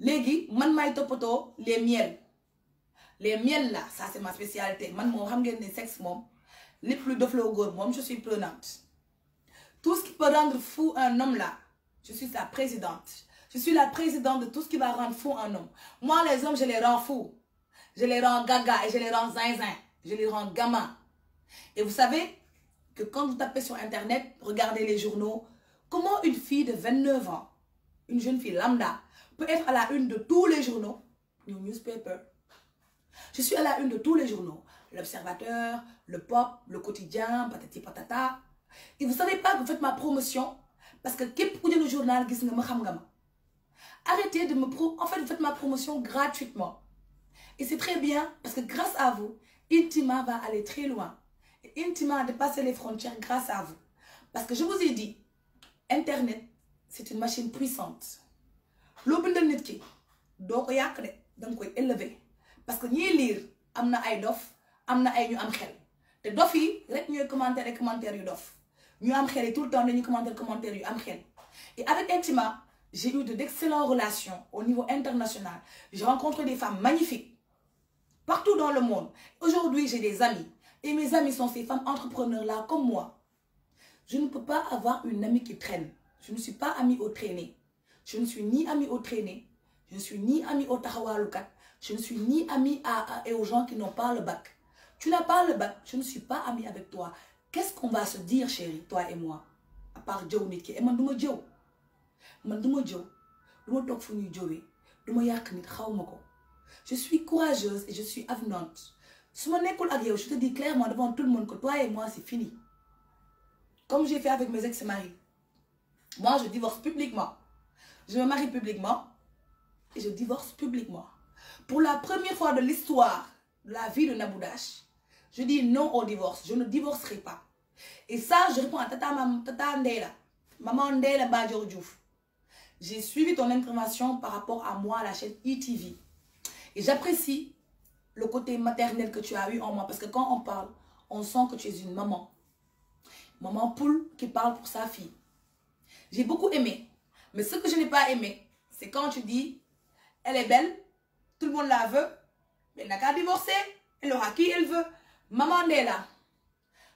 léegi man may topoto les miel, les miel là ça c'est ma spécialité man mo xam ngeen sexe mom. lu de je suis prenante tout ce qui peut rendre fou un homme là je suis la présidente je suis la présidente de tout ce qui va rendre fou un homme moi les hommes je les rends fous je les rends gaga et je les rends zinzin je les rends gamin et vous savez que quand vous tapez sur internet regardez les journaux comment une fille de 29 ans une jeune fille lambda, peut être à la une de tous les journaux, Je suis à la une de tous les journaux, l'Observateur, le Pop, le Quotidien, patati patata. Et vous savez pas que vous faites ma promotion parce que qui pour le journal qui nga ma Arrêtez de me pro... En fait, vous faites ma promotion gratuitement. Et c'est très bien parce que grâce à vous, Intima va aller très loin. Intima a dépassé les frontières grâce à vous. Parce que je vous ai dit, Internet, c'est une machine puissante loo bindal nit ki doo ko yàq de danga koy parce que ñiy lire amna ay dof amna ay ñu am xel té dof yi rek ñoy commentaire ay commentaire yu dof ñu am xel et tout le temps dañuy commentaire commentaire yu am xel et avec Intima j'ai eu de d'excellentes relations au niveau international j'ai rencontré des femmes magnifiques partout dans le monde aujourd'hui j'ai des amis et mes amis sont ces femmes entrepreneurs là comme moi je ne peux pas avoir une amie qui traîne je ne suis pas ami au traîné. Je ne suis ni ami au traîné. Je ne suis ni ami au tahawalukat. Je ne suis ni ami à, et aux gens qui n'ont pas le bac. Tu n'as pas le bac. Je ne suis pas ami avec toi. Qu'est-ce qu'on va se dire, chérie, toi et moi À part Joe Niki. Et moi, je suis je suis courageuse et je suis avenante mon mon ak je te dis clairement devant tout le monde que toi et moi c'est fini comme j'ai fait avec mes ex-maris moi, je divorce publiquement. Je me marie publiquement et je divorce publiquement. Pour la première fois de l'histoire de la vie de Naboudash, je dis non au divorce. Je ne divorcerai pas. Et ça, je réponds à Tata, Mam, Tata Ndela, Maman Ndela J'ai suivi ton intervention par rapport à moi à la chaîne ITV. E et j'apprécie le côté maternel que tu as eu en moi. Parce que quand on parle, on sent que tu es une maman. Maman poule qui parle pour sa fille. J'ai beaucoup aimé. Mais ce que je n'ai pas aimé, c'est quand tu dis, elle est belle, tout le monde la veut, mais elle n'a qu'à divorcer, elle aura qui elle veut. Maman est là.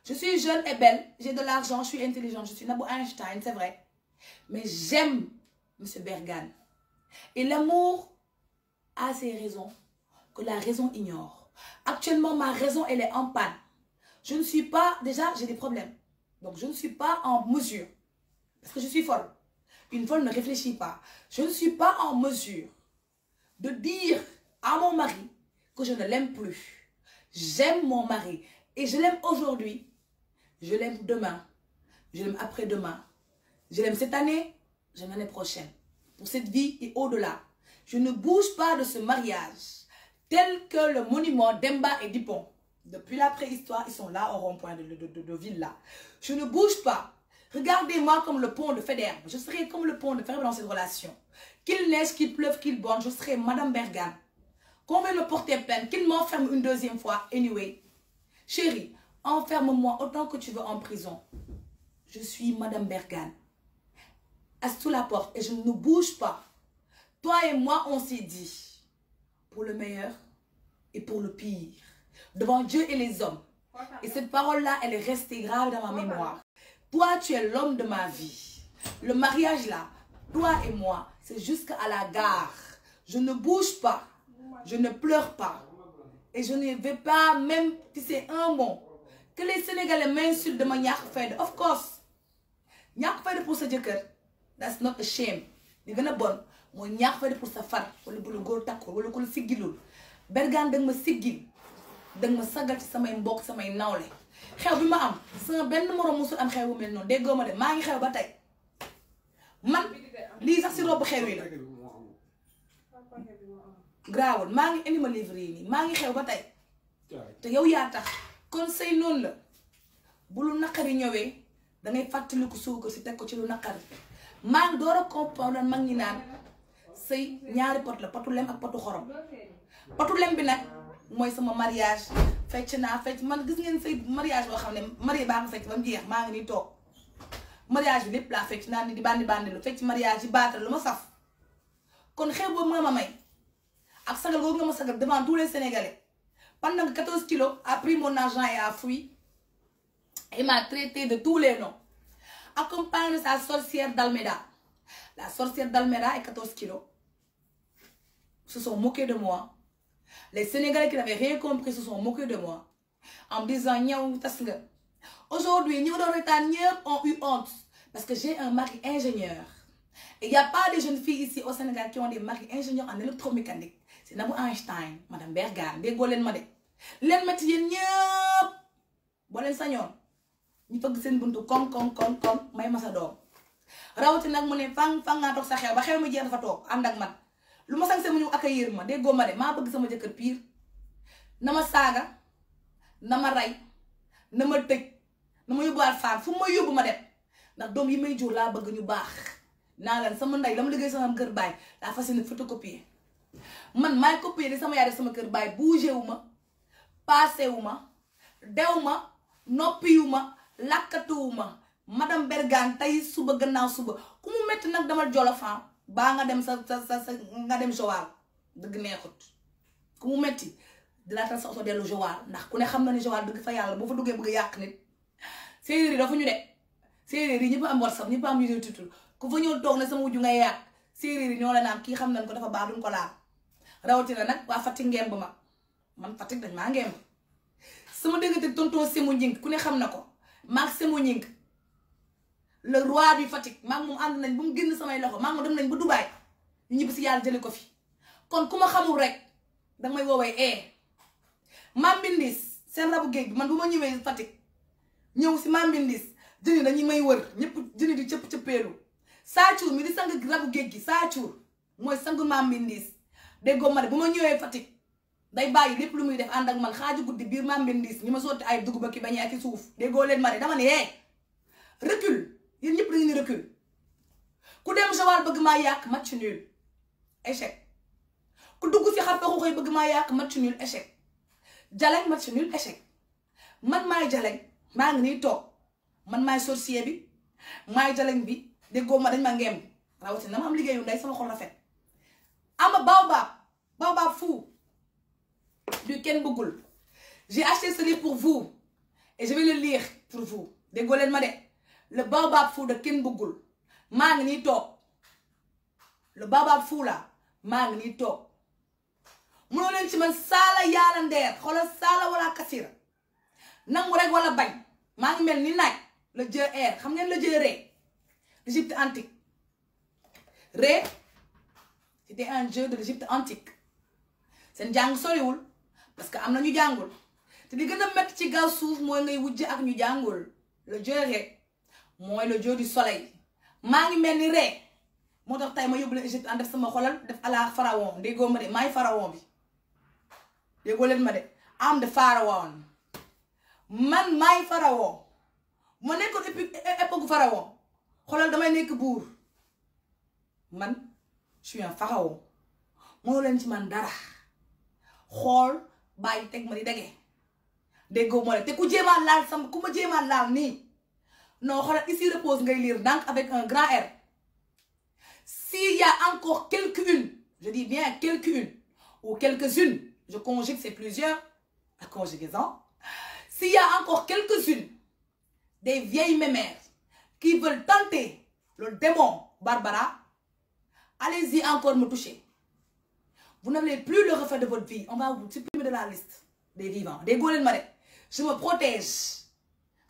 Je suis jeune et belle, j'ai de l'argent, je suis intelligente, je suis Nabo Einstein, c'est vrai. Mais j'aime M. Bergan. Et l'amour a ses raisons que la raison ignore. Actuellement, ma raison, elle est en panne. Je ne suis pas, déjà, j'ai des problèmes. Donc, je ne suis pas en mesure parce que je suis folle. Une folle ne réfléchit pas. Je ne suis pas en mesure de dire à mon mari que je ne l'aime plus. J'aime mon mari. Et je l'aime aujourd'hui. Je l'aime demain. Je l'aime après-demain. Je l'aime cette année. Je l'aime l'année prochaine. Pour cette vie et au-delà. Je ne bouge pas de ce mariage. Tel que le monument d'Emba et Dupont. Depuis la préhistoire, ils sont là au rond-point de, de, de, de ville Je ne bouge pas. Regardez-moi comme le pont de Federer. Je serai comme le pont de Federer dans cette relation. Qu'il neige, qu'il pleuve, qu'il borne, je serai Madame Bergam. Qu'on veut le porter peine, qu'il m'enferme une deuxième fois. Anyway, chérie, enferme-moi autant que tu veux en prison. Je suis Madame Bergam. Asse sous la porte et je ne bouge pas. Toi et moi, on s'est dit, pour le meilleur et pour le pire, devant Dieu et les hommes. Et hein? cette parole-là, elle est restée grave dans ma mémoire. Toi, tu es l'homme de ma vie. Le mariage là, toi et moi, c'est jusqu'à la gare. Je ne bouge pas. Je ne pleure pas. Et je ne vais pas même pisser un mot. Que les Sénégalais m'insultent de manière fed. Of course. ñàkk pour sa jëkkër that's not a shame li gën a bon mooy pour sa far wala bu le góor takkul wala ku la siggilul Bergan, danga ma tu danga ma sagal ma samay mbokk ma nawle xew bi ma am sama benn moroom musul am xew bu mel noonu déggoo ma de maa ngi xew ba tey man lii sax si robb xew yi la grawul maa ngi indi ma livre yi nii maa ngi xew ba tey te yow yaa tax conseil noonu la bu lu naqari ñëwee dangay fàttaliku suukar si teg ko ci lu naqari maa ngi door a comprendre mag ñi naan sëy ñaari pot la potu lem ak potu xorom potu bi nag mooy sama mariage fecc naa fait man gis ngeen say mariage bo xamné ne marié baa ko fecc ba mu jeex maa ngi tok mariage bi la laa fecc ni di bandi bandi lu fait mariage yi baatal lu saf kon xew boobu nga ma may ak sagal boobu nga ma sagal devant tous les sénégalais pendant 14 kilos a pris mon argent et a fui et m'a traité de tous les noms accompagne sa sorcière d'Almeda la sorcière d'Almeda et 14 kilos se sont moqués de moi les Sénégalais qui n'avaient rien compris se sont moqués de moi en me disant Aujourd'hui, les Mauritaniens ont eu honte parce que j'ai un mari ingénieur. il n'y a pas de jeunes filles ici au Sénégal qui ont des maris ingénieurs en électromécanique. C'est Nabou Einstein, Madame Bergan, des Golen luma ma sañse mu accueillir ma déggoo ma dé ma bëgg sama jëkër pire na ma nama na nama rey nama ma tëj fu ma yóbbu dé ndax dom yi may jour la bëgg ñu bax na lan sama nday la ma liggéey sama kër bay daa fas photocopier man maay copier di sama yaay sama kër bay bougé wu ma passé wu ma dew ma noppi wu ma lakkatuwu ma madame Bergane tay suba gannaaw suba ku mu métti dama baa nga dem sa sa sa nga dem Joal dëgg neexut ku mu metti dinaa tal sa oto dellu Joal ndax ku ne xam na ni Joal dëgg fa yàlla boo fa duggee bëgg yàq nit séeréer yi dafa ñu de séeréer yi ñëpp am WhatsApp ñëpp am YouTube ku fa ñëw toog na sama wujju ngay yàq séeréer yi ñoo la naan kii xam nañ ko dafa baax duñ ko laal rawatina nag waa Fatick ngemb ma man Fatick dañ maa ngemb sama dëggante tonton Sémou Gningue ku ne xam na ko maag Sémou Gningue le roi du Fatick maa ngi moom ànd nañ ba mu génn samay loxo maa ngi dem nañ ba Dubaay ñu ñibbi si yàlla jëlee ko fi kon ku ma xamul rek danga may woowee eh seen rabu géej bi man bu ma ñëwee Fatick ñëw si maam Mbindis jëni dañuy may wër ñëpp jëni di cëpp cëppeelu saacuur mi di sang rabu géej gi saacuur mooy sangu maam Mbindis déggoo ma bu ma ñëwee Fatick day bàyyi lépp lu muy def ànd ak man xaaju guddi biir maam Mbindis ñu ma sotti ay dugub ak bañ a ak suuf ma ne dama ne eh recul. yéen ñëpp dañu ne recul ku dem Joal le maa yàq match nul échec ku dugg si xam nga bëgg maa yàq match nul échec Jalañ match nul échec man maay Jalañ maa ni nii man maay sorcier bi maay Jalañ bi déggoo ma dañ ma ngeem rawatina ma am liggéeyu ndey sama xol rafet ama Baba baba fou du Ken bugul. j'ai acheté ce livre pour vous et je vais le lire pour vous De leen ma de. le baobab Fouta kenn bëggul maa ngi nii toog le baobab Fouta maa ngi nii toog mënoo ci ma saala yàlla ndeer xoolal saala wala kasira nangu rek wala bañ maa ngi mel ni naaj le dieu air xam ngeen le dieu Ré l'Égypte antique Ré c'était un dieu de l'Égypte antique seen jàng soriwul parce que am na ñu jàngul te li gën a métti ci gaaw suuf mooy ngay wujj ak ñu jàngul le dieu mooy le jour du maa ngi mel ni re moo tax tay ma yóbbu leen Égypte en def sama xolal def ala pharaon déggoo ma de maay pharaon bi déggoo leen ma de am de pharaon ma nekkoon époque xolal damay nekk buur man je suis un pharaon mënoo leen man dara xool bàyyi teg ma di dege déggoo ma de te ku jéemaan laal sama ku ma jéemaan laal nii non ici repose donc avec un grand R s'il y a encore quelques-unes, je dis bien quelques-unes, ou quelques-unes je conjugue ces plusieurs la conjugaison s'il y a encore quelques-unes des vieilles mémères qui veulent tenter le démon Barbara allez-y encore me toucher vous n'avez plus le reflet de votre vie on va vous supprimer de la liste des vivants des góoleel et je me protège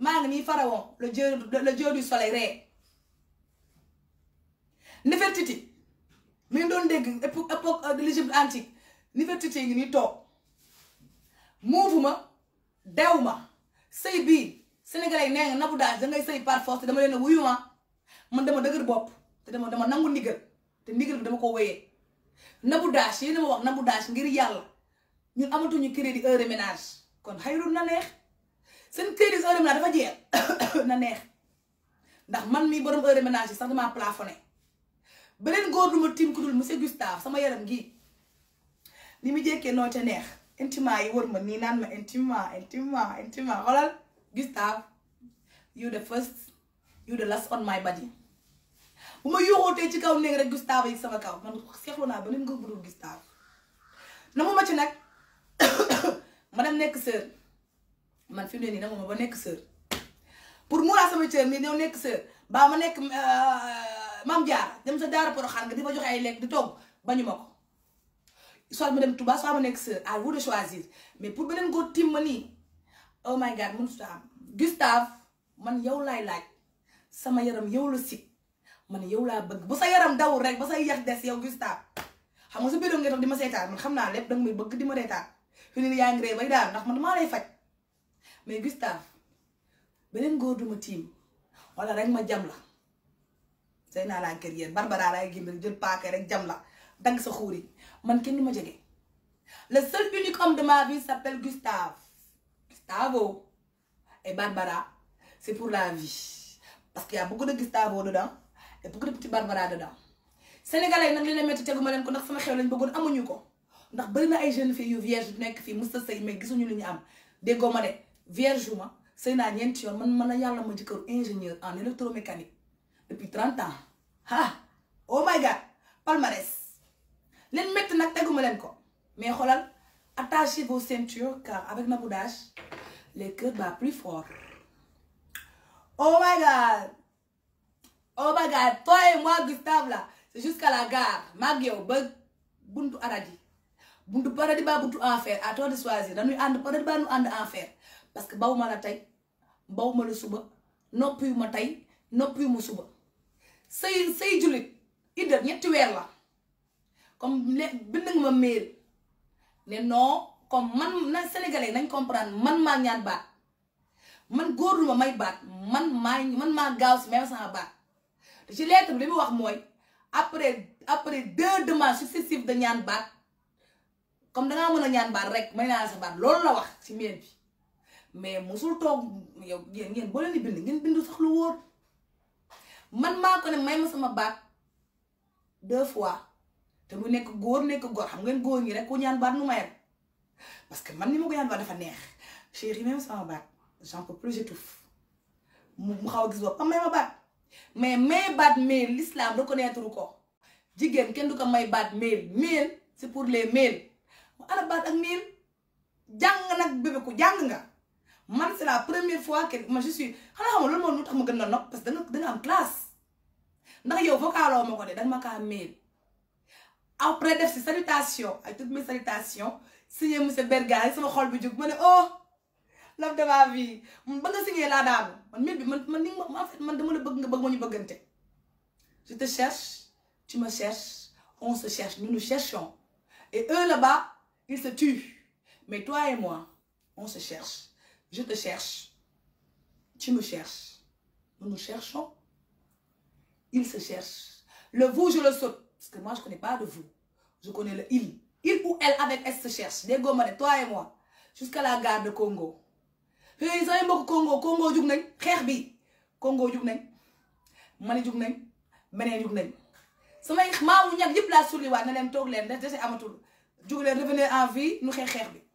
maa ngi nii pharaon la dieu le dieu du soleil ree Néfertiti mi ngi doon dégg époque euh, de l'Égypte antique Néfertiti ngi nii toog muufu ma ma sëy bii sénégalais yi nee nga nabu daal da ngay sëy par force te dama leen a man dama dëgër bopp te dama dama nangu ndigal te ndigal bi dama ko wéyee nabu daas yéen a ma wax nabu daas ngir yàlla ñun amatuñu crédit heure ménage kon xayru na neex seen crédit heure ménage dafa jeex na neex ndax man mii borom heure ménage yi sax damaa plafonné beneen góor du ma tiim ku dul monsieur Gustave sama yaram gi ni mu jékkee noo ca neex intima yi war ma nii naan ma intima intima intima xoolal Gustave you the first you the last on my body bu ma yuuxootee ci kaw néeg rek Gustave yi sama kaw man seexlu naa beneen góor bu dul Gustave na mu ma ci nag ma dem nekk sër man fi mu ne nii ba nek sœur pour mu sama cër mi ñëw nek sœur ba ma nek euh, mam jaar dem sa daara poroxaan nga di ba joxe ay lek di tok bañu ma soit ma dem Touba soit ma nek sœur à vous de choisir mais pour benen go tim ni oh my god mun su Gustave man yow lay laaj sama yaram yow lu sit man yow la bëgg bu sa yaram daw rek ba sa yex dess yow Gustave xam nga sa biiroon ngeen tok di ma man xam lep dong danga may bëgg di ma reetaan fini ne yaa ngi bay daal ndax man dama lay fajj mais Gustave beneen góor duma tiim wala rek ma jam la say naa laa kër yéen Barbara laay génn jël paaka rek jam la dagg sa xuur yi man kenn du ma jege le seul unique homme de ma vie s'appelle Gustave Gustavo et Barbara c'est pour la vie parce qu'il y a beaucoup de Gustavo dedans et beaucoup de petit Barbara dedans sénégalais nag li leen métti teguma leen ko ndax sama xew lañ bëggoon amuñu ko ndax bëri na ay jeunes filles yu vierge nekk fii musta sëy mais gisuñu lu ñu am déggoo ma vierge c'est c'est une ñeenti yoon man man ma ingénieur en électromécanique depuis 30 ans Ha! oh my god palmarès leen métti nag teguma la ko mais regardez, attachez vos ceintures car avec Naboudage, le les cœur va plus fort oh my god oh my god toi et moi Gustave là c'est jusqu'à la gare maag bug, ba buntu paradis buntu paradis ba buntu enfer à toi de choisir dañuy ànd paradis ba enfer parce que bawuma bau la tay bawuma la suba noppiwu ma tay noppiwu ma suba sey sey julit idda ñetti weer la comme bind nga ma mail né non comme man na sénégalais nañ comprendre man ma ñaan ba man góorlu ma may baat man ma man ma gaaw ci même sama baat ci lettre bi li apre wax moy après après deux demandes successives de ñaan baat comme da nga mëna ñaan baat rek may na sa baat loolu la wax ci mail bi mais musul toog yow yéen ngeen boo leen di bind ngeen bind sax lu wóor man maa ko ne may ma sama baat deux fois te mu nekk góor nekk góor xam ngeen góor ñi rek ku ñaan baat nu ma parce que man ni ma ko ñaan baat dafa neex chérie même sama baat j'en peux plus mu xaw a gis boppam may ma baat mais may baat mail l'islam reconnaître ko jigéen kenn du ko may baat mail mail c'est pour les mail mu ana baat ak mail jàng nag bébé ku jàng nga. man c'est la première fois que moi, je suis xanaa xam nga ma gën la parce que classe ndax yow vocaloo ma ko de danga ma kaa après def salutations salutation Avec toutes mes salutations signé monsieur Berga yi sama xol bi jóg ma oh l'homme de ma vie ba nga signé laa daanu man mail bi man en fait man dama la bëgg nga bëgg ma bëggante je te cherche tu me cherches on se cherche nous nous cherchons et eux là-bas ils se tuent mais toi et moi on se cherche je te cherche. Tu me cherches. Nous nous cherchons. Il se cherche. Le vous, je le saute. Parce que moi, je ne connais pas de vous. Je connais le il. Il ou elle avec elle se cherche. Les gommes, toi et moi. Jusqu'à la gare de Congo. Ils ont beaucoup Congo. Congo, du nañ. Congo, du nañ. mani du nañ. Benin, jug nañ. Samay maamu ñak yëpp laa sulliwaat na leen toog leen en vie, nu xeex